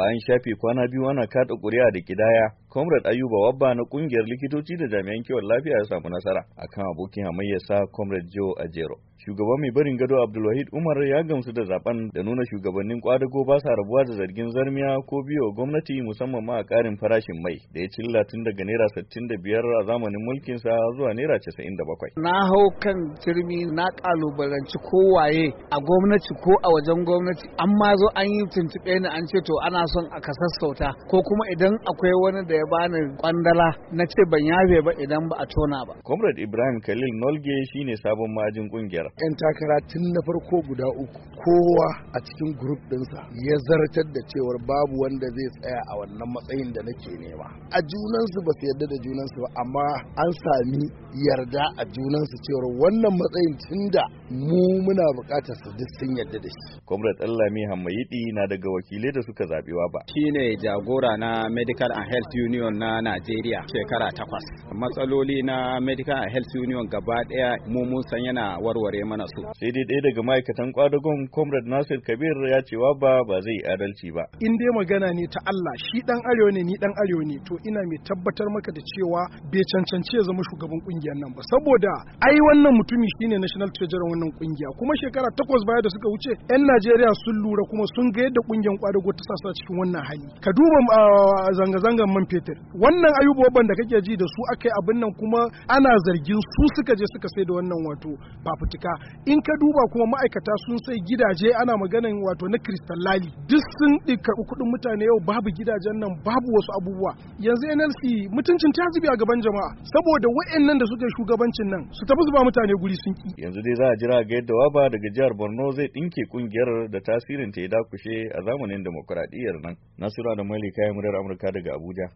bayan shafe kwana biyu ana kada ƙuri'a da kidaya Comrade Ayuba Wabba na kungiyar likitoci da jami'an kiwon lafiya ya samu nasara akan abokin hamayyarsa Comrade Joe Ajero. Shugaban mai barin gado Abdulwahid Umar ya gamsu da zaben da nuna shugabannin kwadago ba sa rabuwa da zargin zarmiya ko biyo gwamnati musamman ma a karin farashin mai da ya cilla tun daga naira 65 a zamanin mulkin sa zuwa naira bakwai. Na hau kan kirmi na kalubalanci ko waye a gwamnati ko a wajen gwamnati amma zo an yi tuntuɓe ni an ce to ana son a sassauta ko kuma idan akwai wani da ya bani kwandala na ce ban yafe ba idan ba a tona ba. Comrade Ibrahim Khalil Nolge shine sabon majin kungiyar. Yan takara tun na farko guda uku kowa a cikin grup ɗinsa ya zartar da cewar babu wanda zai tsaya a wannan matsayin da nake nema. A junansu ba su yarda da junansu ba amma an sami yarda a junansu cewar wannan matsayin tunda mu muna bukatar su duk sun yarda da shi. Comrade mai Hammayidi na daga wakilai da suka zaɓewa ba. Shine jagora na Medical and Health Union union na Najeriya shekara takwas. Matsaloli na medical and health union gaba ɗaya mu mun san yana warware mana su. Sai dai ɗaya daga ma'aikatan kwadagon Comrade Nasir Kabir ya ce wa ba ba zai adalci ba. In dai magana ne ta Allah shi dan arewa ne ni dan arewa ne to ina mai tabbatar maka da cewa bai cancanci ya zama shugaban kungiyar nan ba saboda ai wannan mutumi shine national treasurer wannan kungiya kuma shekara takwas baya da suka wuce yan Najeriya sun lura kuma sun ga yadda kungiyar kwadago ta sasa cikin wannan hali. Ka duba ah, zanga-zangan man fetur fetur wannan ayuboban da kake ji da su aka abin nan kuma ana zargin su suka je suka sai da wannan wato fafutuka in ka duba kuma ma'aikata sun sai gidaje ana maganan wato na kristal lali duk sun karɓi kuɗin mutane yau babu gidajen nan babu wasu abubuwa yanzu nlc mutuncin ta zubi a gaban jama'a saboda wa'annan da suka shugabancin nan su tafi zuba mutane guri sun ki yanzu dai za a jira ga yadda waba daga jihar borno zai ɗinke kungiyar da tasirin ta ya dakushe a zamanin demokuraɗiyyar nan nasura da malika ya murar amurka daga abuja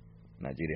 Nigeria.